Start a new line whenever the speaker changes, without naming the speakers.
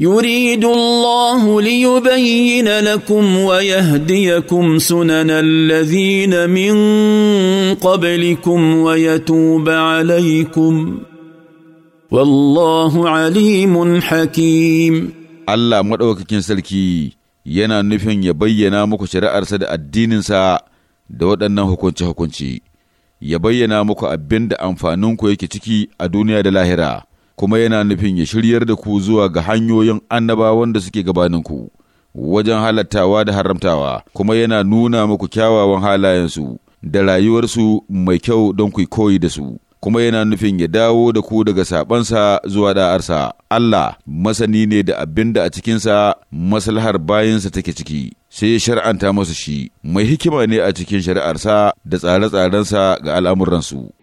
يريد الله ليبين لكم ويهديكم سنن الذين من قبلكم ويتوب عليكم والله عليم حكيم
الله maɗaukakin sarki yana nufin ya bayyana muku shari'arsa da addininsa da waɗannan hukunci hukunci ya bayyana muku abin da amfaninku yake ciki a duniya da lahira. kuma yana nufin ya shiryar da ku zuwa ga hanyoyin annaba wanda suke gabaninku wajen halattawa da haramtawa kuma yana nuna muku kyawawan halayensu da rayuwarsu mai kyau don ku koyi da su kuma yana nufin ya dawo da ku daga sabansa zuwa da'arsa Allah masani ne da abin da a cikinsa maslahar bayansa take ciki sai ya shar'anta masu shi mai hikima ne a cikin shari'arsa da tsare-tsarensa ga al'amuransu